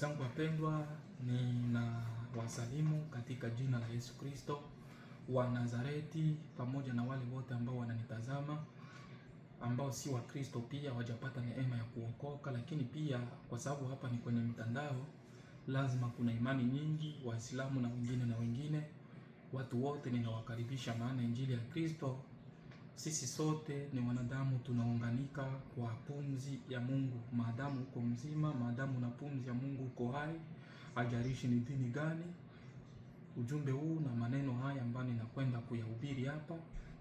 zangu wapendwa, nina wasalimu katika jina la Yesu Kristo wa Nazareti, pamoja na wale wote ambao wananitazama ambao si wa kristo pia wajapata neema ya kuokoka, lakini pia kwa sababu hapa ni kwenye mtandao, lazima kuna imani nyingi, Waislamu na wengine na wengine. Watu wote ninawakaribisha, maana injili ya Kristo sisi sote ni wanadamu, tunaunganika kwa pumzi ya Mungu. Maadamu uko mzima, maadamu na pumzi ya Mungu uko hai, ajarishi ni dini gani, ujumbe huu na maneno haya ambayo ninakwenda kuyahubiri hapa,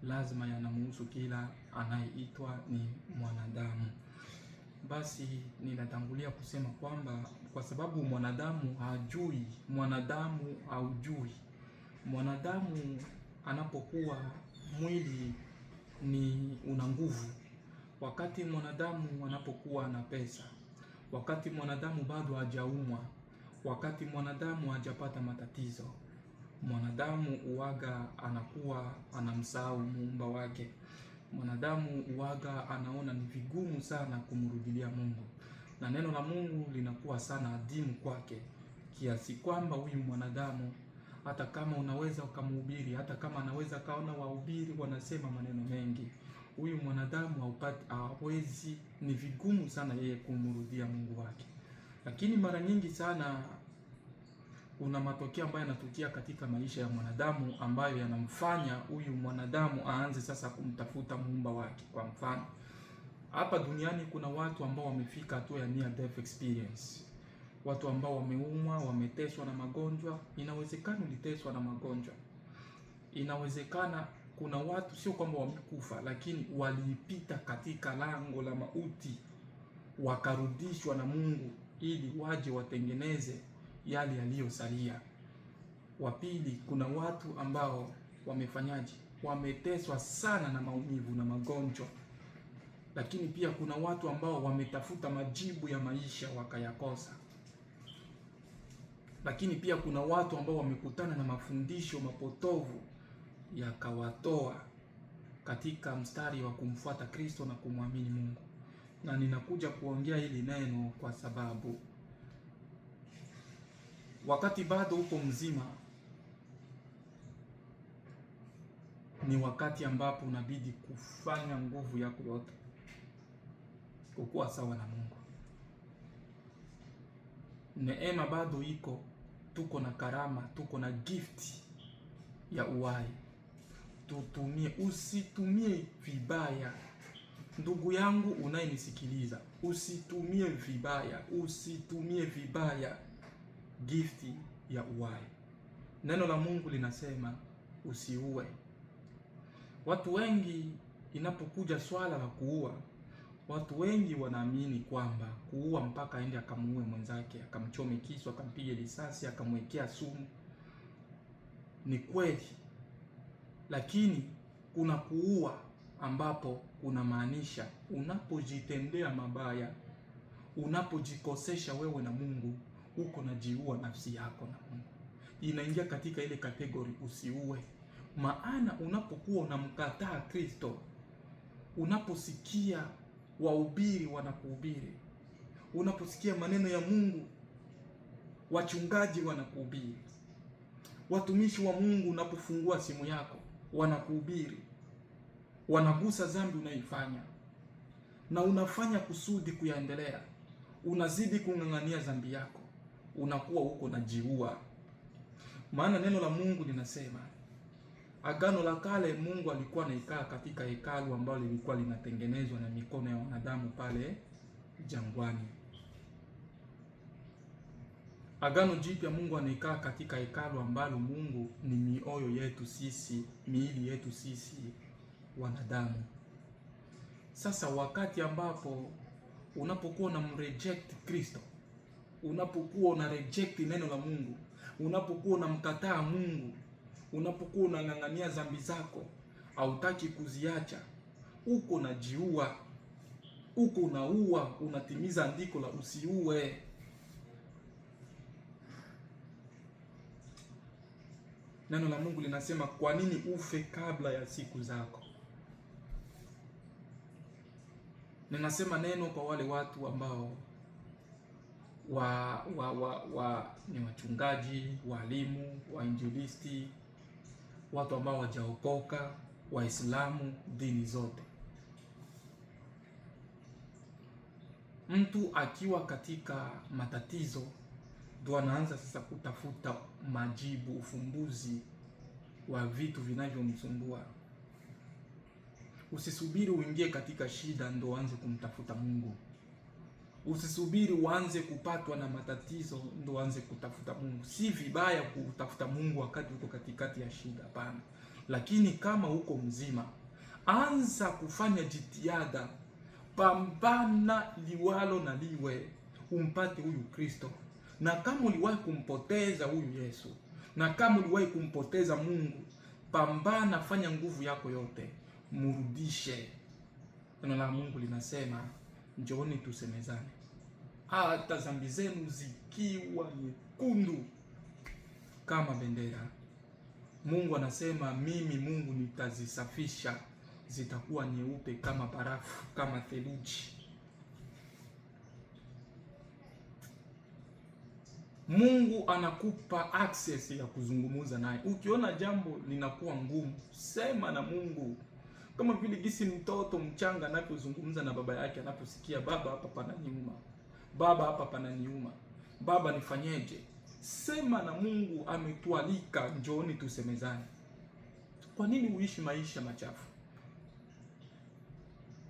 lazima yanamuhusu kila anayeitwa ni mwanadamu. Basi ninatangulia kusema kwamba kwa sababu mwanadamu hajui, mwanadamu haujui, mwanadamu anapokuwa mwili ni una nguvu. Wakati mwanadamu anapokuwa na pesa, wakati mwanadamu bado hajaumwa, wakati mwanadamu hajapata matatizo, mwanadamu uwaga anakuwa anamsahau muumba wake. Mwanadamu uwaga anaona ni vigumu sana kumrudilia Mungu, na neno la Mungu linakuwa sana adimu kwake, kiasi kwamba huyu mwanadamu hata kama unaweza ukamhubiri, hata kama anaweza kaona wahubiri wanasema maneno mengi, huyu mwanadamu haupati, hawezi, ni vigumu sana yeye kumrudia Mungu wake. Lakini mara nyingi sana kuna matokeo ambayo yanatukia katika maisha ya mwanadamu ambayo yanamfanya huyu mwanadamu aanze sasa kumtafuta muumba wake. Kwa mfano, hapa duniani kuna watu ambao wamefika hatua ya near death experience watu ambao wameumwa, wameteswa na magonjwa. Inawezekana uliteswa na magonjwa, inawezekana kuna watu sio kwamba wamekufa, lakini waliipita katika lango la mauti, wakarudishwa na Mungu ili waje watengeneze yale yaliyosalia. Wa pili, kuna watu ambao wamefanyaje, wameteswa sana na maumivu na magonjwa, lakini pia kuna watu ambao wametafuta majibu ya maisha wakayakosa lakini pia kuna watu ambao wamekutana na mafundisho mapotovu yakawatoa katika mstari wa kumfuata Kristo na kumwamini Mungu. Na ninakuja kuongea hili neno kwa sababu wakati bado uko mzima ni wakati ambapo unabidi kufanya nguvu yako yote kukuwa sawa na Mungu. Neema bado iko tuko na karama, tuko na gift ya uhai, tutumie. Usitumie vibaya, ndugu yangu unayenisikiliza, usitumie vibaya, usitumie vibaya gift ya uhai. Neno la Mungu linasema usiue. Watu wengi inapokuja swala la kuua Watu wengi wanaamini kwamba kuua mpaka aende akamuue mwenzake, akamchome kisu, akampige risasi, akamwekea sumu. Ni kweli, lakini kuna kuua ambapo unamaanisha unapojitendea mabaya, unapojikosesha wewe na Mungu, huko najiua nafsi yako na Mungu. Inaingia katika ile kategori usiue, maana unapokuwa unamkataa Kristo, unaposikia waubiri wanakuhubiri, unaposikia maneno ya Mungu wachungaji wanakuhubiri, watumishi wa Mungu, unapofungua simu yako wanakuhubiri, wanagusa dhambi unaifanya na unafanya kusudi kuyaendelea, unazidi kung'ang'ania dhambi yako, unakuwa huko najiua. Maana neno la Mungu linasema Agano la Kale, Mungu alikuwa anaikaa katika hekalu ambalo lilikuwa linatengenezwa na mikono ya wanadamu pale jangwani. Agano Jipya, Mungu anaikaa katika hekalu ambalo Mungu ni mioyo yetu sisi, miili yetu sisi wanadamu. Sasa wakati ambapo unapokuwa na mreject Kristo, unapokuwa una reject neno la Mungu, unapokuwa unamkataa Mungu unapokuwa unang'ang'ania zambi zako, hautaki kuziacha, uko na jiua, uko unaua, unatimiza andiko la usiue. Neno la Mungu linasema kwa nini ufe kabla ya siku zako? Ninasema neno kwa wale watu ambao wa, wa, wa, wa ni wachungaji, walimu, wainjilisti watu ambao wajaokoka, Waislamu, dini zote. Mtu akiwa katika matatizo ndo anaanza sasa kutafuta majibu, ufumbuzi wa vitu vinavyomsumbua. Usisubiri uingie katika shida ndo uanze kumtafuta Mungu. Usisubiri uanze kupatwa na matatizo ndo uanze kutafuta Mungu. Si vibaya kutafuta Mungu wakati uko katikati ya shida, hapana, lakini kama uko mzima, anza kufanya jitihada, pambana liwalo na liwe umpate huyu Kristo. Na kama uliwahi kumpoteza huyu Yesu na kama uliwahi kumpoteza Mungu, pambana, fanya nguvu yako yote, murudishe. Neno la Mungu linasema Njooni tusemezane hata dhambi zenu zikiwa nyekundu kama bendera. Mungu anasema mimi Mungu nitazisafisha, zitakuwa nyeupe kama barafu, kama theluji. Mungu anakupa access ya kuzungumza naye. Ukiona jambo linakuwa ngumu, sema na Mungu, kama vile gisi mtoto mchanga anapozungumza na baba yake, anaposikia baba, hapa pana nyuma Baba, hapa pananiuma, Baba nifanyeje? Sema na Mungu, ametualika njooni tusemezane. Kwa nini uishi maisha machafu?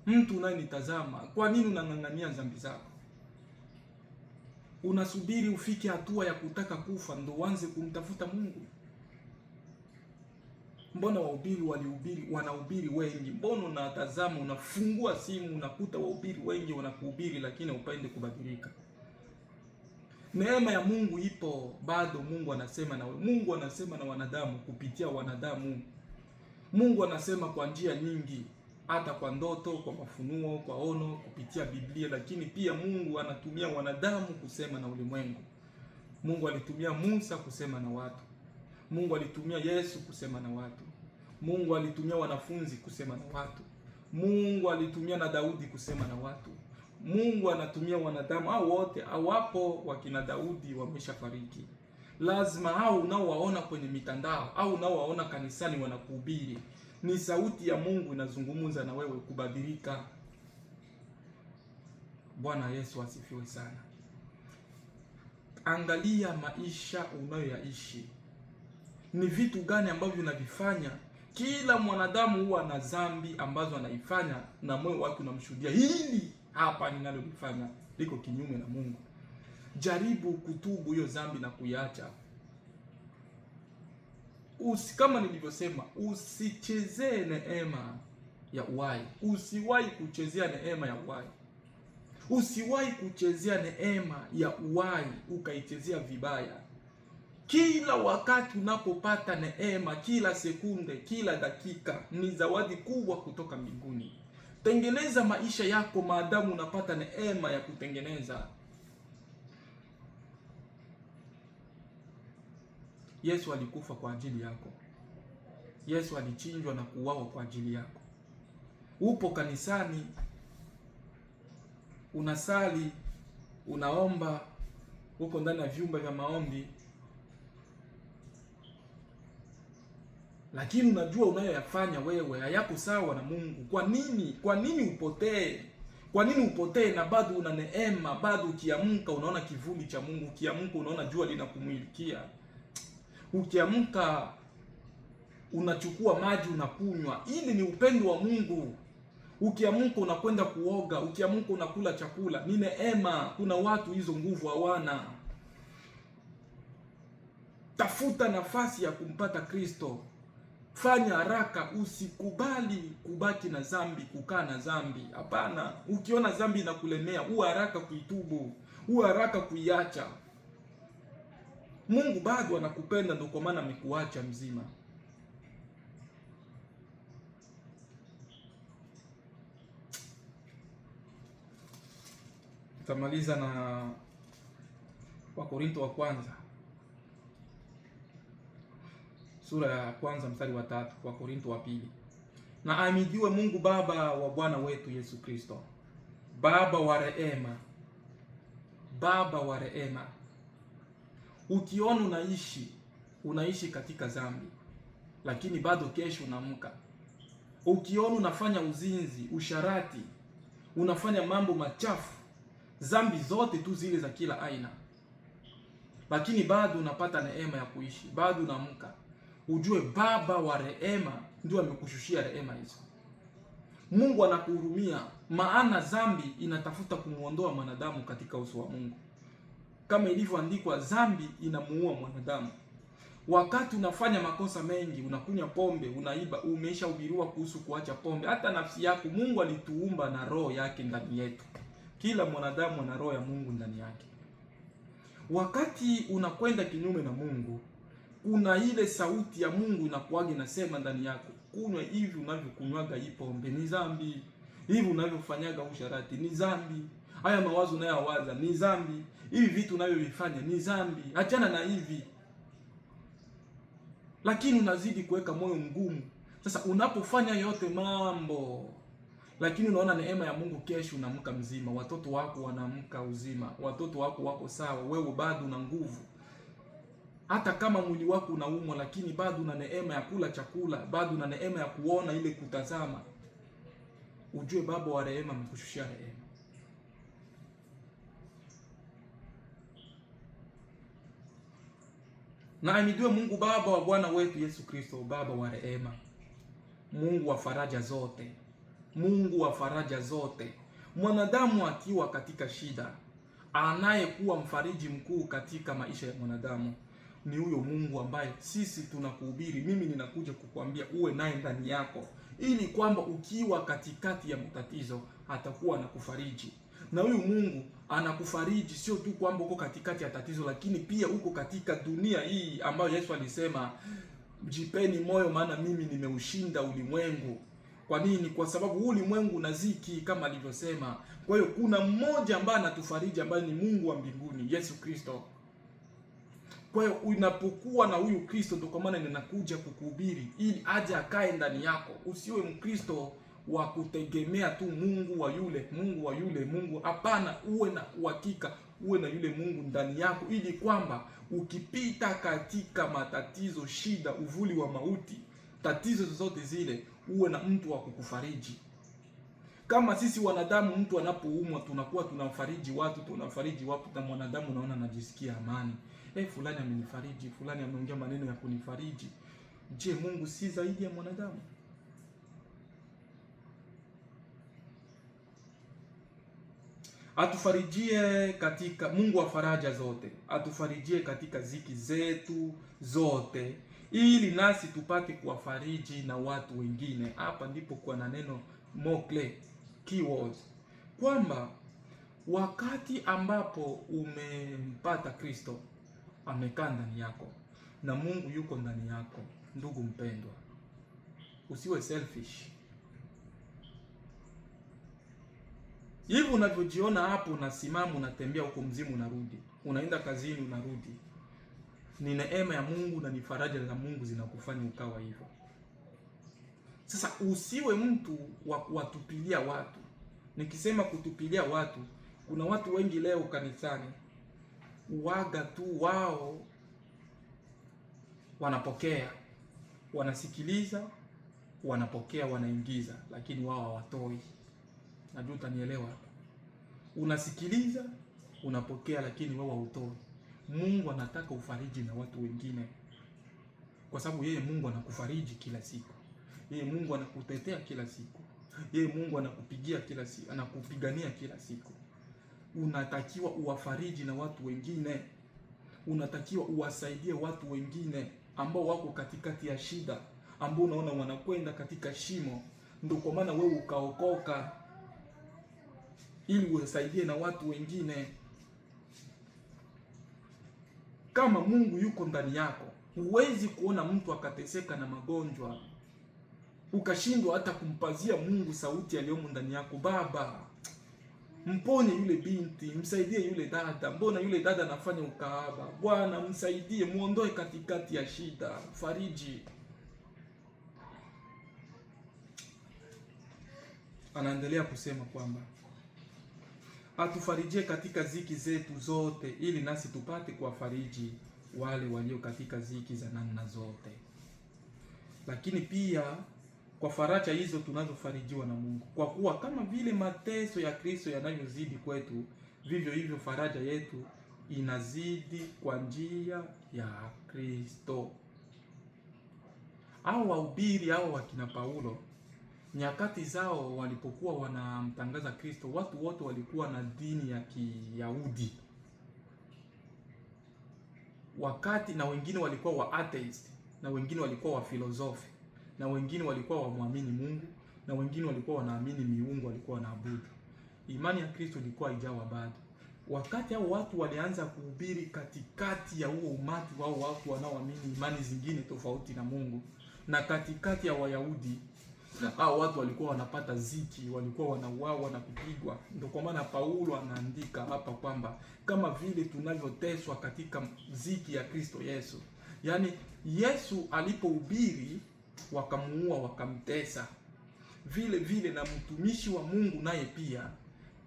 Mtu unayenitazama, kwa nini unang'ang'ania dhambi zako? Unasubiri ufike hatua ya kutaka kufa ndo uanze kumtafuta Mungu? mbona wahubiri walihubiri wanahubiri wengi, mbona unatazama, unafungua simu unakuta wahubiri wengi wanakuhubiri, lakini upende kubadilika. Neema ya Mungu ipo bado. Mungu anasema na wewe, Mungu anasema na wanadamu kupitia wanadamu. Mungu anasema kwa njia nyingi, hata kwa ndoto, kwa mafunuo, kwa ono, kupitia Biblia, lakini pia Mungu anatumia wanadamu kusema na ulimwengu. Mungu alitumia Musa kusema na watu. Mungu alitumia Yesu kusema na watu. Mungu alitumia wanafunzi kusema na watu. Mungu alitumia na Daudi kusema na watu. Mungu anatumia wanadamu au wote. awapo wakina Daudi wameshafariki. Lazima hao unaowaona kwenye mitandao au unaowaona kanisani wanakuhubiri, ni sauti ya Mungu inazungumza na wewe kubadilika. Bwana Yesu asifiwe sana. Angalia maisha unayoyaishi, ni vitu gani ambavyo unavifanya kila mwanadamu huwa na dhambi ambazo anaifanya na moyo wake unamshuhudia hili hapa ninalolifanya liko kinyume na Mungu. Jaribu kutubu hiyo dhambi na kuiacha. Usi, kama nilivyosema, usichezee neema ya uhai. Usiwahi kuchezea neema ya uhai. Usiwahi kuchezea neema ya uhai ukaichezea vibaya. Kila wakati unapopata neema, kila sekunde, kila dakika ni zawadi kubwa kutoka mbinguni. Tengeneza maisha yako maadamu unapata neema ya kutengeneza. Yesu alikufa kwa ajili yako. Yesu alichinjwa na kuuawa kwa ajili yako. Upo kanisani, unasali, unaomba, uko ndani ya vyumba vya maombi lakini unajua unayoyafanya wewe hayako sawa na Mungu. Kwa nini? Kwa nini upotee? Kwa nini upotee na bado una neema? Bado ukiamka unaona kivuli cha Mungu, ukiamka unaona jua linakumulikia, ukiamka unachukua maji unakunywa. Ili ni upendo wa Mungu. Ukiamka unakwenda kuoga, ukiamka unakula chakula, ni neema. Kuna watu hizo nguvu hawana. Tafuta nafasi ya kumpata Kristo. Fanya haraka, usikubali kubaki na zambi kukaa na zambi Hapana, ukiona zambi inakulemea, huwa haraka kuitubu, huwa haraka kuiacha. Mungu bado anakupenda, ndio kwa maana amekuacha mzima. Tamaliza na Wakorinto wa kwanza sura ya kwanza mstari wa tatu wa Korinto wa pili. Na ahimidiwe Mungu Baba wa Bwana wetu Yesu Kristo, Baba wa rehema, Baba wa rehema. Ukiona unaishi unaishi katika dhambi, lakini bado kesho unaamka. Ukiona unafanya uzinzi, usharati, unafanya mambo machafu, dhambi zote tu zile za kila aina, lakini bado unapata neema ya kuishi, bado unaamka ujue Baba wa rehema ndio amekushushia rehema hizo. Mungu anakuhurumia, maana zambi inatafuta kumwondoa mwanadamu katika uso wa Mungu, kama ilivyoandikwa, zambi inamuua mwanadamu. Wakati unafanya makosa mengi, unakunywa pombe, unaiba, umeshahubiriwa kuhusu kuacha pombe, hata nafsi yako. Mungu alituumba na roho yake ndani yetu, kila mwanadamu ana roho ya Mungu ndani yake. Wakati unakwenda kinyume na Mungu kuna ile sauti ya Mungu inakuwaga inasema ndani yako, kunywa hivi unavyokunywaga hii pombe ni dhambi, hivi unavyofanyaga usharati ni dhambi, haya mawazo unayowaza ni dhambi, hivi vitu unavyovifanya ni dhambi, achana na hivi. Lakini unazidi kuweka moyo mgumu. Sasa unapofanya yote mambo lakini unaona neema ya Mungu, kesho unaamka mzima, watoto wako wanaamka uzima, watoto wako wako sawa, wewe bado una nguvu hata kama mwili wako unaumwa, lakini bado una neema ya kula chakula, bado una neema ya kuona ile kutazama, ujue baba wa rehema amekushushia rehema. Na amidiwe Mungu Baba wa Bwana wetu Yesu Kristo, Baba wa rehema, Mungu wa faraja zote, Mungu wa faraja zote. Mwanadamu akiwa katika shida, anayekuwa mfariji mkuu katika maisha ya mwanadamu ni huyo Mungu ambaye sisi tunakuhubiri. Mimi ninakuja kukuambia uwe naye ndani yako, ili kwamba ukiwa katikati ya matatizo atakuwa anakufariji na huyu Mungu anakufariji sio tu kwamba uko katikati ya tatizo, lakini pia uko katika dunia hii ambayo Yesu alisema jipeni moyo, maana mimi nimeushinda ulimwengu. Kwa nini? Kwa sababu ulimwengu unaziki kama alivyosema. Kwa hiyo kuna mmoja ambaye anatufariji ambaye ni Mungu wa mbinguni, Yesu Kristo. Kwa hiyo unapokuwa na huyu Kristo, ndio kwa maana ninakuja kukuhubiri ili aje akae ndani yako. Usiwe Mkristo wa kutegemea tu Mungu wa yule Mungu wa yule Mungu. Hapana, uwe na uhakika, uwe na yule Mungu ndani yako, ili kwamba ukipita katika matatizo, shida, uvuli wa mauti, tatizo zozote zile, uwe na mtu wa kukufariji. Kama sisi wanadamu, mtu anapoumwa tunakuwa tunamfariji watu, tunamfariji watu, na mwanadamu naona anajisikia amani eh, fulani amenifariji, fulani ameongea maneno ya kunifariji. Je, Mungu si zaidi ya mwanadamu? Atufarijie katika Mungu wa faraja zote, atufarijie katika ziki zetu zote, ili nasi tupate kuwafariji na watu wengine. Hapa ndipo kwa na neno mokle keywords kwamba wakati ambapo umempata Kristo amekaa ndani yako na Mungu yuko ndani yako. Ndugu mpendwa, usiwe selfish. Hivi unavyojiona hapo, unasimama unatembea huko mzimu, unarudi unaenda kazini, unarudi, ni neema ya Mungu na ni faraja za Mungu zinakufanya ukawa hivyo. Sasa usiwe mtu wa kuwatupilia watu. Nikisema kutupilia watu, kuna watu wengi leo kanisani uwaga tu wao wanapokea, wanasikiliza, wanapokea, wanaingiza, lakini wao hawatoi. Najua utanielewa Unasikiliza, unapokea, lakini wao hautoi. Mungu anataka ufariji na watu wengine, kwa sababu yeye Mungu anakufariji kila siku, yeye Mungu anakutetea kila siku, yeye Mungu anakupigia kila siku, anakupigania kila siku unatakiwa uwafariji na watu wengine, unatakiwa uwasaidie watu wengine ambao wako katikati ya shida, ambao unaona wanakwenda katika shimo. Ndio kwa maana wewe ukaokoka, ili uwasaidie na watu wengine. Kama Mungu yuko ndani yako, huwezi kuona mtu akateseka na magonjwa ukashindwa hata kumpazia Mungu sauti aliyomo ndani yako, Baba Mponye yule binti, msaidie yule dada. Mbona yule dada anafanya ukahaba? Bwana msaidie, muondoe katikati ya shida, fariji. Anaendelea kusema kwamba atufarijie katika ziki zetu zote, ili nasi tupate kuwafariji wale walio katika ziki za namna zote, lakini pia kwa faraja hizo tunazofarijiwa na Mungu, kwa kuwa kama vile mateso ya Kristo yanayozidi kwetu, vivyo hivyo faraja yetu inazidi kwa njia ya Kristo. Hao wahubiri hao wakina Paulo, nyakati zao walipokuwa wanamtangaza Kristo, watu wote walikuwa na dini ya Kiyahudi wakati, na wengine walikuwa wa atheist na wengine walikuwa wa filosofi na wengine walikuwa wamwamini Mungu na wengine walikuwa wanaamini miungu walikuwa wanaabudu. Imani ya Kristo ilikuwa haijawa bado. Wakati hao watu walianza kuhubiri katikati ya huo umati wao watu wanaoamini imani zingine tofauti na Mungu na katikati ya Wayahudi, hao watu walikuwa wanapata ziki, walikuwa wanauawa na kupigwa. Ndio kwa maana Paulo anaandika hapa kwamba kama vile tunavyoteswa katika ziki ya Kristo Yesu, yaani Yesu alipohubiri wakamuua, wakamtesa. Vile vile na mtumishi wa Mungu naye pia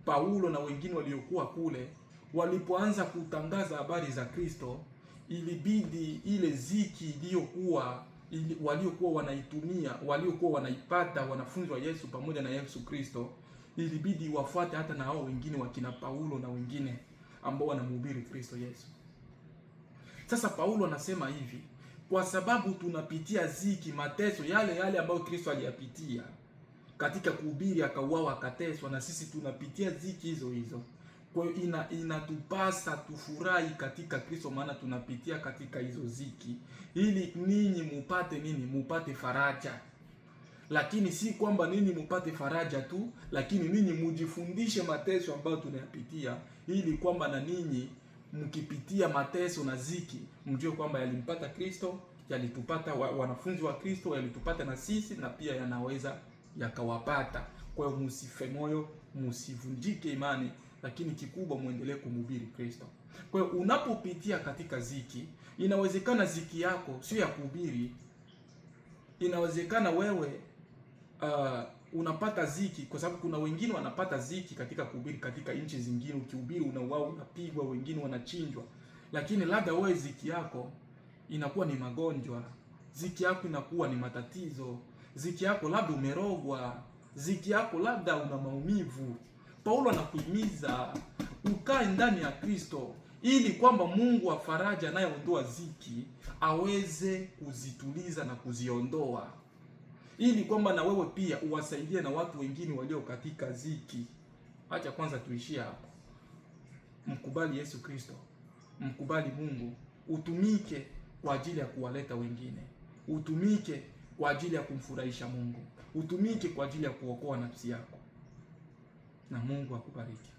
Paulo na wengine waliokuwa kule walipoanza kutangaza habari za Kristo, ilibidi ile ziki iliyokuwa ili, waliokuwa wanaitumia waliokuwa wanaipata wanafunzi wa Yesu pamoja na Yesu Kristo, ilibidi wafuate hata na hao wengine wakina Paulo na wengine ambao wanamhubiri Kristo Yesu. Sasa Paulo anasema hivi kwa sababu tunapitia ziki, mateso yale yale ambayo Kristo aliyapitia katika kuhubiri, akauawa, akateswa, na sisi tunapitia ziki hizo hizo. Kwa hiyo ina- inatupasa tufurahi katika Kristo, maana tunapitia katika hizo ziki, ili ninyi mupate nini? Mupate faraja. Lakini si kwamba ninyi mupate faraja tu, lakini ninyi mujifundishe mateso ambayo tunayapitia, ili kwamba na ninyi mkipitia mateso na ziki, mjue kwamba yalimpata Kristo, yalitupata wanafunzi wa Kristo, yalitupata na sisi na pia yanaweza yakawapata. Kwa hiyo musife moyo, musivunjike imani, lakini kikubwa muendelee kumhubiri Kristo. Kwa hiyo unapopitia katika ziki, inawezekana ziki yako sio ya kuhubiri, inawezekana wewe uh, unapata ziki, kwa sababu kuna wengine wanapata ziki katika kuhubiri katika nchi zingine. Ukihubiri unauawa, unapigwa, wengine wanachinjwa, lakini labda wewe ziki yako inakuwa ni magonjwa, ziki yako inakuwa ni matatizo, ziki yako labda umerogwa, ziki yako labda una maumivu. Paulo anakuhimiza ukae ndani ya Kristo ili kwamba Mungu wa faraja anayeondoa ziki aweze kuzituliza na kuziondoa ili kwamba na wewe pia uwasaidie na watu wengine walio katika ziki. Acha kwanza tuishie hapo. Mkubali Yesu Kristo, mkubali Mungu, utumike kwa ajili ya kuwaleta wengine, utumike kwa ajili ya kumfurahisha Mungu, utumike kwa ajili ya kuokoa nafsi yako, na Mungu akubariki.